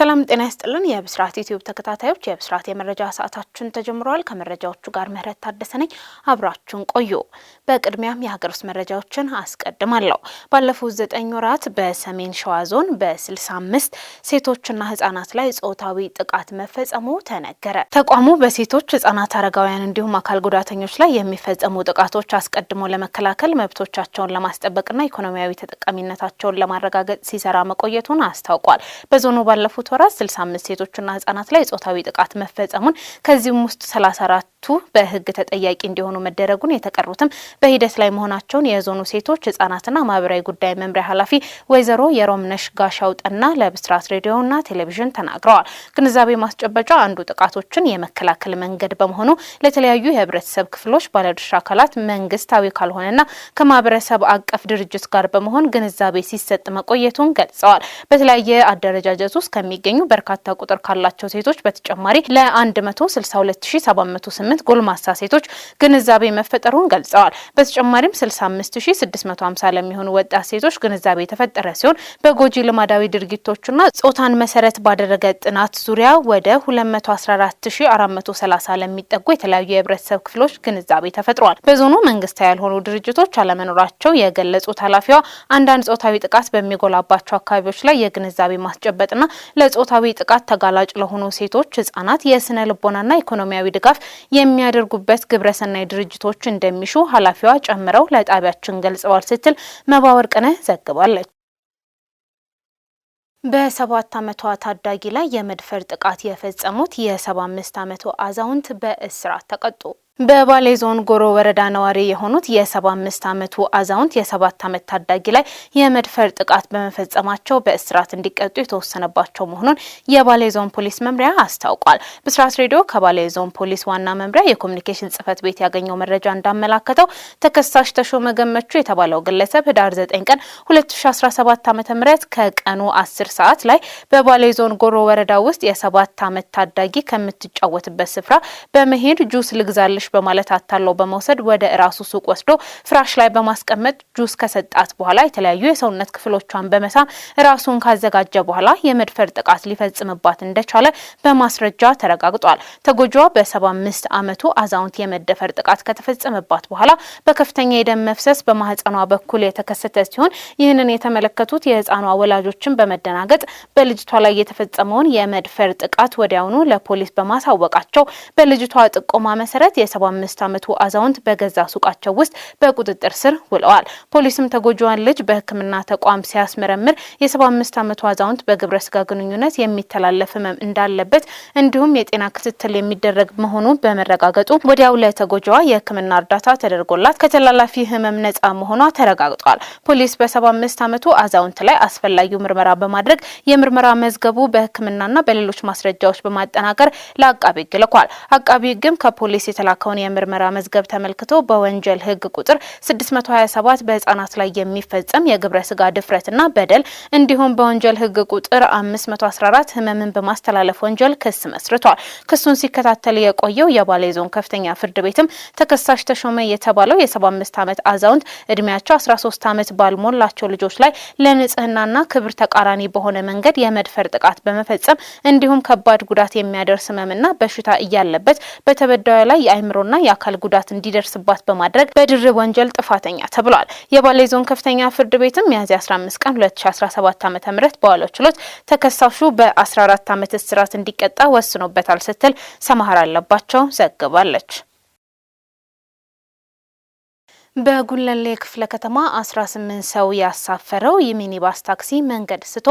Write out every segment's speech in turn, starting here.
ሰላም ጤና ይስጥልን። የብስራት ዩቲዩብ ተከታታዮች የብስራት የመረጃ ሰዓታችን ተጀምሯል። ከመረጃዎቹ ጋር ምህረት ታደሰ ነኝ። አብራችሁን ቆዩ። በቅድሚያም የሀገር ውስጥ መረጃዎችን አስቀድማለሁ። ባለፉት ዘጠኝ ወራት በሰሜን ሸዋ ዞን በ65 ሴቶችና ህጻናት ላይ ጾታዊ ጥቃት መፈጸሙ ተነገረ። ተቋሙ በሴቶች ህጻናት፣ አረጋውያን እንዲሁም አካል ጉዳተኞች ላይ የሚፈጸሙ ጥቃቶች አስቀድሞ ለመከላከል መብቶቻቸውን ለማስጠበቅና ኢኮኖሚያዊ ተጠቃሚነታቸውን ለማረጋገጥ ሲሰራ መቆየቱን አስታውቋል። በዞኑ ባለፉት ወራት 65 ሴቶችና ህጻናት ላይ ጾታዊ ጥቃት መፈጸሙን ከዚህም ውስጥ 34 ሁለቱ በህግ ተጠያቂ እንዲሆኑ መደረጉን የተቀሩትም በሂደት ላይ መሆናቸውን የዞኑ ሴቶች ህጻናትና ማህበራዊ ጉዳይ መምሪያ ኃላፊ ወይዘሮ የሮምነሽ ጋሻው ጠና ለብስራት ሬዲዮና ቴሌቪዥን ተናግረዋል። ግንዛቤ ማስጨበጫ አንዱ ጥቃቶችን የመከላከል መንገድ በመሆኑ ለተለያዩ የህብረተሰብ ክፍሎች ባለድርሻ አካላት መንግስታዊ ካልሆነና ከማህበረሰብ አቀፍ ድርጅት ጋር በመሆን ግንዛቤ ሲሰጥ መቆየቱን ገልጸዋል። በተለያየ አደረጃጀት ውስጥ ከሚገኙ በርካታ ቁጥር ካላቸው ሴቶች በተጨማሪ ለ162 ስምንት ጎልማሳ ሴቶች ግንዛቤ መፈጠሩን ገልጸዋል። በተጨማሪም 65650 ለሚሆኑ ወጣት ሴቶች ግንዛቤ የተፈጠረ ሲሆን በጎጂ ልማዳዊ ድርጊቶችና ጾታን መሰረት ባደረገ ጥናት ዙሪያ ወደ 214430 ለሚጠጉ የተለያዩ የህብረተሰብ ክፍሎች ግንዛቤ ተፈጥሯል። በዞኑ መንግስታዊ ያልሆኑ ድርጅቶች አለመኖራቸው የገለጹት ኃላፊዋ አንዳንድ ጾታዊ ጥቃት በሚጎላባቸው አካባቢዎች ላይ የግንዛቤ ማስጨበጥና ለጾታዊ ጥቃት ተጋላጭ ለሆኑ ሴቶች፣ ህጻናት የስነ ልቦናና ኢኮኖሚያዊ ድጋፍ የሚያደርጉበት ግብረሰናይ ድርጅቶች እንደሚሹ ኃላፊዋ ጨምረው ለጣቢያችን ገልጸዋል ስትል መባወርቅነህ ዘግባለች። በሰባት ዓመቷ ታዳጊ ላይ የመድፈር ጥቃት የፈጸሙት የሰባ አምስት ዓመቱ አዛውንት በእስራት ተቀጡ። በባሌ ዞን ጎሮ ወረዳ ነዋሪ የሆኑት የ75 ዓመቱ አዛውንት የሰባት ዓመት ታዳጊ ላይ የመድፈር ጥቃት በመፈጸማቸው በእስራት እንዲቀጡ የተወሰነባቸው መሆኑን የባሌ ዞን ፖሊስ መምሪያ አስታውቋል። ብስራት ሬዲዮ ከባሌ ዞን ፖሊስ ዋና መምሪያ የኮሚኒኬሽን ጽህፈት ቤት ያገኘው መረጃ እንዳመላከተው ተከሳሽ ተሾመ ገመቹ የተባለው ግለሰብ ህዳር 9 ቀን 2017 ዓ ም ከቀኑ 10 ሰዓት ላይ በባሌ ዞን ጎሮ ወረዳ ውስጥ የሰባት ዓመት ታዳጊ ከምትጫወትበት ስፍራ በመሄድ ጁስ ልግዛለሽ በማለት አታለው በመውሰድ ወደ ራሱ ሱቅ ወስዶ ፍራሽ ላይ በማስቀመጥ ጁስ ከሰጣት በኋላ የተለያዩ የሰውነት ክፍሎቿን በመሳም ራሱን ካዘጋጀ በኋላ የመድፈር ጥቃት ሊፈጽምባት እንደቻለ በማስረጃ ተረጋግጧል። ተጎጂዋ በ75 አመቱ አዛውንት የመደፈር ጥቃት ከተፈጸመባት በኋላ በከፍተኛ የደም መፍሰስ በማህፀኗ በኩል የተከሰተ ሲሆን ይህንን የተመለከቱት የህፃኗ ወላጆችን በመደናገጥ በልጅቷ ላይ የተፈጸመውን የመድፈር ጥቃት ወዲያውኑ ለፖሊስ በማሳወቃቸው በልጅቷ ጥቆማ መሰረት የ75 ዓመቱ አዛውንት በገዛ ሱቃቸው ውስጥ በቁጥጥር ስር ውለዋል። ፖሊስም ተጎጂዋን ልጅ በሕክምና ተቋም ሲያስመረምር የ75 ዓመቱ አዛውንት በግብረ ስጋ ግንኙነት የሚተላለፍ ህመም እንዳለበት እንዲሁም የጤና ክትትል የሚደረግ መሆኑ በመረጋገጡ ወዲያው ለተጎጂዋ የሕክምና እርዳታ ተደርጎላት ከተላላፊ ህመም ነጻ መሆኗ ተረጋግጧል። ፖሊስ በ75 ዓመቱ አዛውንት ላይ አስፈላጊው ምርመራ በማድረግ የምርመራ መዝገቡ በሕክምናና በሌሎች ማስረጃዎች በማጠናከር ለአቃቢ ህግ ልኳል። አቃቢ ህግም ከፖሊስ የተላከው የተዘረጋውን የምርመራ መዝገብ ተመልክቶ በወንጀል ህግ ቁጥር 627 በህጻናት ላይ የሚፈጸም የግብረ ስጋ ድፍረትና በደል እንዲሁም በወንጀል ህግ ቁጥር 514 ህመምን በማስተላለፍ ወንጀል ክስ መስርቷል። ክሱን ሲከታተል የቆየው የባሌ ዞን ከፍተኛ ፍርድ ቤትም ተከሳሽ ተሾመ የተባለው የ75 ዓመት አዛውንት እድሜያቸው 13 ዓመት ባልሞላቸው ልጆች ላይ ለንጽህናና ክብር ተቃራኒ በሆነ መንገድ የመድፈር ጥቃት በመፈጸም እንዲሁም ከባድ ጉዳት የሚያደርስ ህመምና በሽታ እያለበት በተበዳዩ ላይ የአይምሮ የአእምሮና የአካል ጉዳት እንዲደርስባት በማድረግ በድርብ ወንጀል ጥፋተኛ ተብሏል። የባሌ ዞን ከፍተኛ ፍርድ ቤትም ሚያዝያ 15 ቀን 2017 ዓ ም በዋለው ችሎት ተከሳሹ በ14 ዓመት እስራት እንዲቀጣ ወስኖበታል ስትል ሰማሃር አለባቸው ዘግባለች። በጉለሌ ክፍለ ከተማ 18 ሰው ያሳፈረው የሚኒባስ ታክሲ መንገድ ስቶ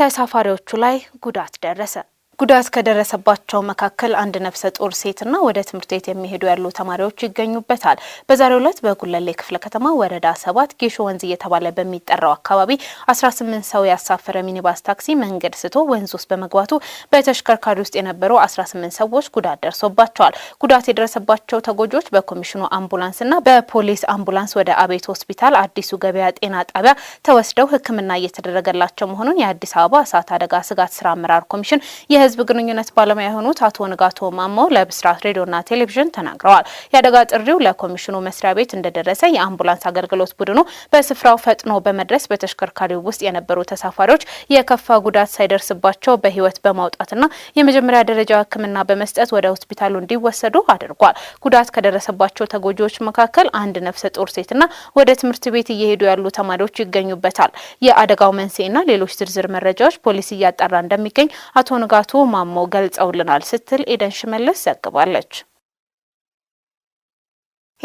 ተሳፋሪዎቹ ላይ ጉዳት ደረሰ። ጉዳት ከደረሰባቸው መካከል አንድ ነፍሰ ጡር ሴትና ወደ ትምህርት ቤት የሚሄዱ ያሉ ተማሪዎች ይገኙበታል። በዛሬው ዕለት በጉለሌ ክፍለ ከተማ ወረዳ ሰባት ጌሾ ወንዝ እየተባለ በሚጠራው አካባቢ 18 ሰው ያሳፈረ ሚኒባስ ታክሲ መንገድ ስቶ ወንዝ ውስጥ በመግባቱ በተሽከርካሪ ውስጥ የነበሩ 18 ሰዎች ጉዳት ደርሶባቸዋል። ጉዳት የደረሰባቸው ተጎጂዎች በኮሚሽኑ አምቡላንስና በፖሊስ አምቡላንስ ወደ አቤት ሆስፒታል አዲሱ ገበያ ጤና ጣቢያ ተወስደው ሕክምና እየተደረገላቸው መሆኑን የአዲስ አበባ እሳት አደጋ ስጋት ስራ አመራር ኮሚሽን የህዝብ ግንኙነት ባለሙያ የሆኑት አቶ ንጋቶ ማሞ ለብስራት ሬዲዮና ቴሌቪዥን ተናግረዋል። የአደጋ ጥሪው ለኮሚሽኑ መስሪያ ቤት እንደደረሰ የአምቡላንስ አገልግሎት ቡድኑ በስፍራው ፈጥኖ በመድረስ በተሽከርካሪው ውስጥ የነበሩ ተሳፋሪዎች የከፋ ጉዳት ሳይደርስባቸው በህይወት በማውጣትና የመጀመሪያ ደረጃ ሕክምና በመስጠት ወደ ሆስፒታሉ እንዲወሰዱ አድርጓል። ጉዳት ከደረሰባቸው ተጎጂዎች መካከል አንድ ነፍሰ ጡር ሴትና ወደ ትምህርት ቤት እየሄዱ ያሉ ተማሪዎች ይገኙበታል። የአደጋው መንስኤና ሌሎች ዝርዝር መረጃዎች ፖሊስ እያጣራ እንደሚገኝ አቶ ንጋቱ ማሞ ገልጸውልናል ስትል ኤደን ሽመለስ ዘግባለች።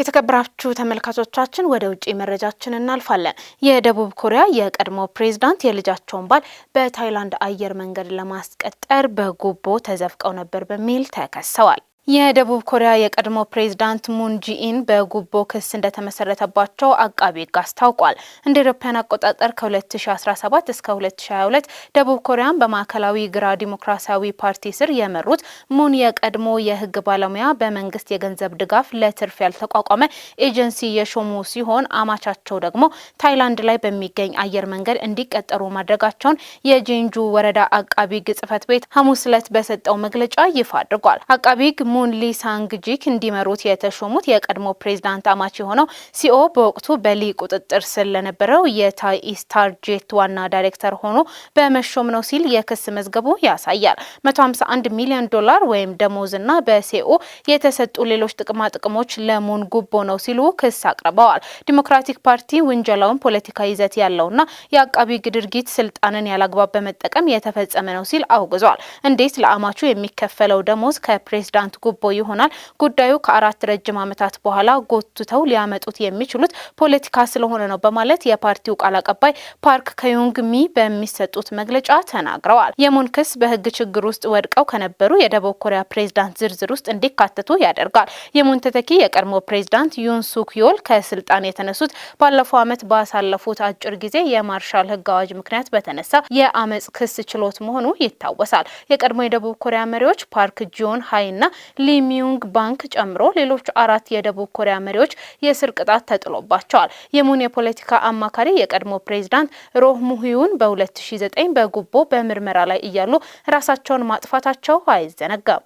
የተከበራችሁ ተመልካቾቻችን ወደ ውጭ መረጃችን እናልፋለን። የደቡብ ኮሪያ የቀድሞ ፕሬዝዳንት የልጃቸውን ባል በታይላንድ አየር መንገድ ለማስቀጠር በጉቦ ተዘፍቀው ነበር በሚል ተከሰዋል። የደቡብ ኮሪያ የቀድሞ ፕሬዚዳንት ሙንጂኢን በጉቦ ክስ እንደተመሰረተባቸው አቃቢ ሕግ አስታውቋል። እንደ ኤሮፓያን አቆጣጠር ከ2017 እስከ 2022 ደቡብ ኮሪያን በማዕከላዊ ግራ ዲሞክራሲያዊ ፓርቲ ስር የመሩት ሙን የቀድሞ የሕግ ባለሙያ በመንግስት የገንዘብ ድጋፍ ለትርፍ ያልተቋቋመ ኤጀንሲ የሾሙ ሲሆን አማቻቸው ደግሞ ታይላንድ ላይ በሚገኝ አየር መንገድ እንዲቀጠሩ ማድረጋቸውን የጄንጁ ወረዳ አቃቢ ሕግ ቤት ሐሙስ ዕለት በሰጠው መግለጫ ይፋ አድርጓል። አቃቢ ሕግ ሙን ሊሳንግ ጂክ እንዲመሩት የተሾሙት የቀድሞ ፕሬዝዳንት አማች የሆነው ሲኦ በወቅቱ በሊ ቁጥጥር ስር ለነበረው የታይ ኢስታር ጄት ዋና ዳይሬክተር ሆኖ በመሾም ነው ሲል የክስ መዝገቡ ያሳያል። 151 ሚሊዮን ዶላር ወይም እና በሲኦ የተሰጡ ሌሎች ጥቅማ ጥቅሞች ለሙን ጉቦ ነው ሲሉ ክስ አቅርበዋል። ዲሞክራቲክ ፓርቲ ውንጀላውን ፖለቲካ ይዘት ያለውና የአቃቢ ግድርጊት ድርጊት ስልጣንን ያላግባብ በመጠቀም የተፈጸመ ነው ሲል አውግዟል። እንዴት ለአማቹ የሚከፈለው ደሞዝ ከፕሬዝዳንት ጉቦ ይሆናል። ጉዳዩ ከአራት ረጅም ዓመታት በኋላ ጎትተው ሊያመጡት የሚችሉት ፖለቲካ ስለሆነ ነው በማለት የፓርቲው ቃል አቀባይ ፓርክ ከዩንግ ሚ በሚሰጡት መግለጫ ተናግረዋል። የሙን ክስ በህግ ችግር ውስጥ ወድቀው ከነበሩ የደቡብ ኮሪያ ፕሬዝዳንት ዝርዝር ውስጥ እንዲካተቱ ያደርጋል። የሙን ተተኪ የቀድሞ ፕሬዝዳንት ዩን ሱክዮል ከስልጣን የተነሱት ባለፈው ዓመት ባሳለፉት አጭር ጊዜ የማርሻል ህግ አዋጅ ምክንያት በተነሳ የአመፅ ክስ ችሎት መሆኑ ይታወሳል። የቀድሞ የደቡብ ኮሪያ መሪዎች ፓርክ ጂዮን ሀይ እና ሊሚዩንግ ባንክ ጨምሮ ሌሎች አራት የደቡብ ኮሪያ መሪዎች የእስር ቅጣት ተጥሎባቸዋል። የሙን የፖለቲካ አማካሪ የቀድሞ ፕሬዚዳንት ሮህ ሙሂዩን በ2009 በጉቦ በምርመራ ላይ እያሉ ራሳቸውን ማጥፋታቸው አይዘነጋም።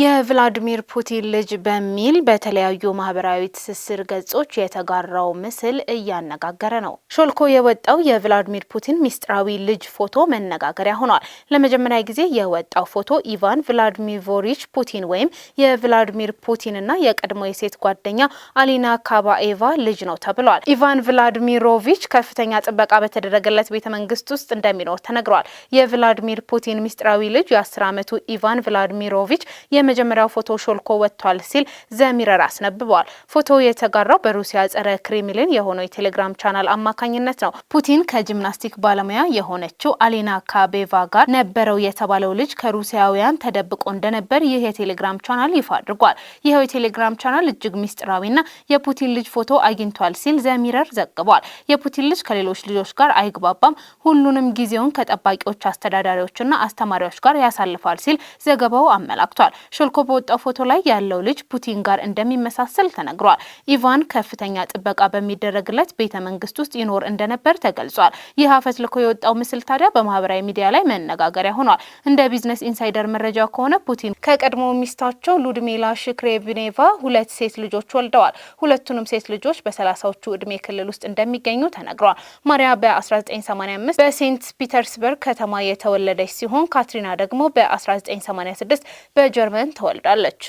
የቭላዲሚር ፑቲን ልጅ በሚል በተለያዩ ማህበራዊ ትስስር ገጾች የተጋራው ምስል እያነጋገረ ነው። ሾልኮ የወጣው የቭላዲሚር ፑቲን ሚስጥራዊ ልጅ ፎቶ መነጋገሪያ ሆኗል። ለመጀመሪያ ጊዜ የወጣው ፎቶ ኢቫን ቭላዲሚቮሪች ፑቲን ወይም የቭላዲሚር ፑቲን ና የቀድሞ የሴት ጓደኛ አሊና ካባኤቫ ልጅ ነው ተብሏል። ኢቫን ቭላዲሚሮቪች ከፍተኛ ጥበቃ በተደረገለት ቤተ መንግስት ውስጥ እንደሚኖር ተነግሯል። የቭላዲሚር ፑቲን ሚስጥራዊ ልጅ የ10 ዓመቱ ኢቫን ቭላዲሚሮቪች የመጀመሪያው ፎቶ ሾልኮ ወጥቷል ሲል ዘሚረር አስነብበዋል። ፎቶው የተጋራው በሩሲያ ጸረ ክሬምሊን የሆነው የቴሌግራም ቻናል አማካኝነት ነው። ፑቲን ከጂምናስቲክ ባለሙያ የሆነችው አሌና ካቤቫ ጋር ነበረው የተባለው ልጅ ከሩሲያውያን ተደብቆ እንደነበር ይህ የቴሌግራም ቻናል ይፋ አድርጓል። ይኸው የቴሌግራም ቻናል እጅግ ሚስጥራዊና የፑቲን ልጅ ፎቶ አግኝቷል ሲል ዘሚረር ዘግቧል። የፑቲን ልጅ ከሌሎች ልጆች ጋር አይግባባም፣ ሁሉንም ጊዜውን ከጠባቂዎች አስተዳዳሪዎችና አስተማሪዎች ጋር ያሳልፋል ሲል ዘገባው አመላክቷል። ሾልኮ በወጣው ፎቶ ላይ ያለው ልጅ ፑቲን ጋር እንደሚመሳሰል ተነግሯል። ኢቫን ከፍተኛ ጥበቃ በሚደረግለት ቤተ መንግስት ውስጥ ይኖር እንደነበር ተገልጿል። ይህ አፈት ልኮ የወጣው ምስል ታዲያ በማህበራዊ ሚዲያ ላይ መነጋገሪያ ሆኗል። እንደ ቢዝነስ ኢንሳይደር መረጃ ከሆነ ፑቲን ከቀድሞ ሚስታቸው ሉድሚላ ሽክሬቪኔቫ ሁለት ሴት ልጆች ወልደዋል። ሁለቱንም ሴት ልጆች በሰላሳዎቹ እድሜ ክልል ውስጥ እንደሚገኙ ተነግሯል። ማሪያ በ1985 በሴንት ፒተርስበርግ ከተማ የተወለደች ሲሆን ካትሪና ደግሞ በ1986 በጀር ዘመን ተወልዳለች።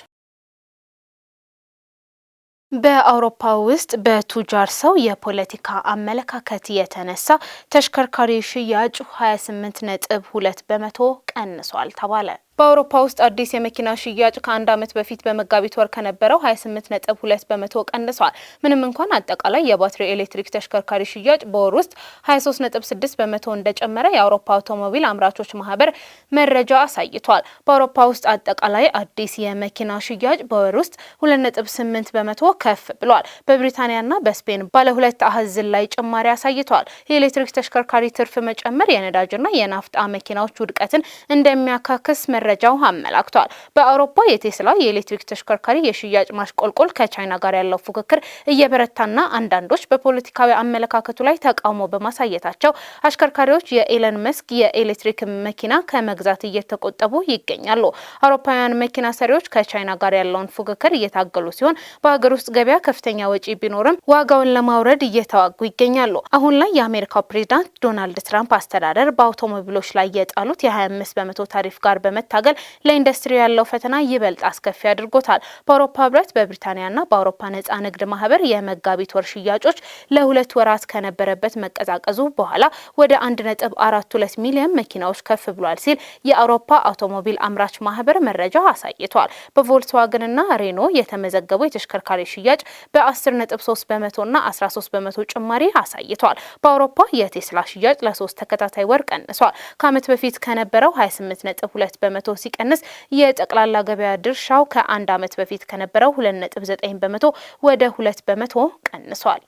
በአውሮፓ ውስጥ በቱጃር ሰው የፖለቲካ አመለካከት የተነሳ ተሽከርካሪ ሽያጭ 28 ነጥብ 2 በመቶ ቀንሷል ተባለ። በአውሮፓ ውስጥ አዲስ የመኪና ሽያጭ ከአንድ ዓመት በፊት በመጋቢት ወር ከነበረው 28 ነጥብ 2 በመቶ ቀንሷል። ምንም እንኳን አጠቃላይ የባትሪ ኤሌክትሪክ ተሽከርካሪ ሽያጭ በወር ውስጥ 23 ነጥብ 6 በመቶ እንደጨመረ የአውሮፓ አውቶሞቢል አምራቾች ማህበር መረጃ አሳይቷል። በአውሮፓ ውስጥ አጠቃላይ አዲስ የመኪና ሽያጭ በወር ውስጥ 2 ነጥብ 8 በመቶ ከፍ ብሏል። በብሪታንያና በስፔን ባለ ሁለት አህዝን ላይ ጭማሪ አሳይቷል። የኤሌክትሪክ ተሽከርካሪ ትርፍ መጨመር የነዳጅና የናፍጣ መኪናዎች ውድቀትን እንደሚያካክስ መረጃው አመላክቷል። በአውሮፓ የቴስላ የኤሌክትሪክ ተሽከርካሪ የሽያጭ ማሽቆልቆል ከቻይና ጋር ያለው ፉክክር እየበረታና አንዳንዶች በፖለቲካዊ አመለካከቱ ላይ ተቃውሞ በማሳየታቸው አሽከርካሪዎች የኤለን መስክ የኤሌክትሪክ መኪና ከመግዛት እየተቆጠቡ ይገኛሉ። አውሮፓውያን መኪና ሰሪዎች ከቻይና ጋር ያለውን ፉክክር እየታገሉ ሲሆን በሀገር ውስጥ ገበያ ከፍተኛ ወጪ ቢኖርም ዋጋውን ለማውረድ እየተዋጉ ይገኛሉ። አሁን ላይ የአሜሪካው ፕሬዚዳንት ዶናልድ ትራምፕ አስተዳደር በአውቶሞቢሎች ላይ የጣሉት የ25 በመቶ ታሪፍ ጋር በመታ መታገል ለኢንዱስትሪ ያለው ፈተና ይበልጥ አስከፊ አድርጎታል። በአውሮፓ ህብረት፣ በብሪታንያና በአውሮፓ ነጻ ንግድ ማህበር የመጋቢት ወር ሽያጮች ለሁለት ወራት ከነበረበት መቀዛቀዙ በኋላ ወደ 1.42 ሚሊዮን መኪናዎች ከፍ ብሏል ሲል የአውሮፓ አውቶሞቢል አምራች ማህበር መረጃ አሳይቷል። በቮልክስዋገንና ሬኖ የተመዘገበው የተሽከርካሪ ሽያጭ በ10.3 በመቶና 13 በመቶ ጭማሪ አሳይቷል። በአውሮፓ የቴስላ ሽያጭ ለሶስት ተከታታይ ወር ቀንሷል። ከአመት በፊት ከነበረው 28.2 በመቶ በመቶ ሲቀንስ የጠቅላላ ገበያ ድርሻው ከአንድ ዓመት በፊት ከነበረው 2.9 በመቶ ወደ 2 በመቶ ቀንሷል።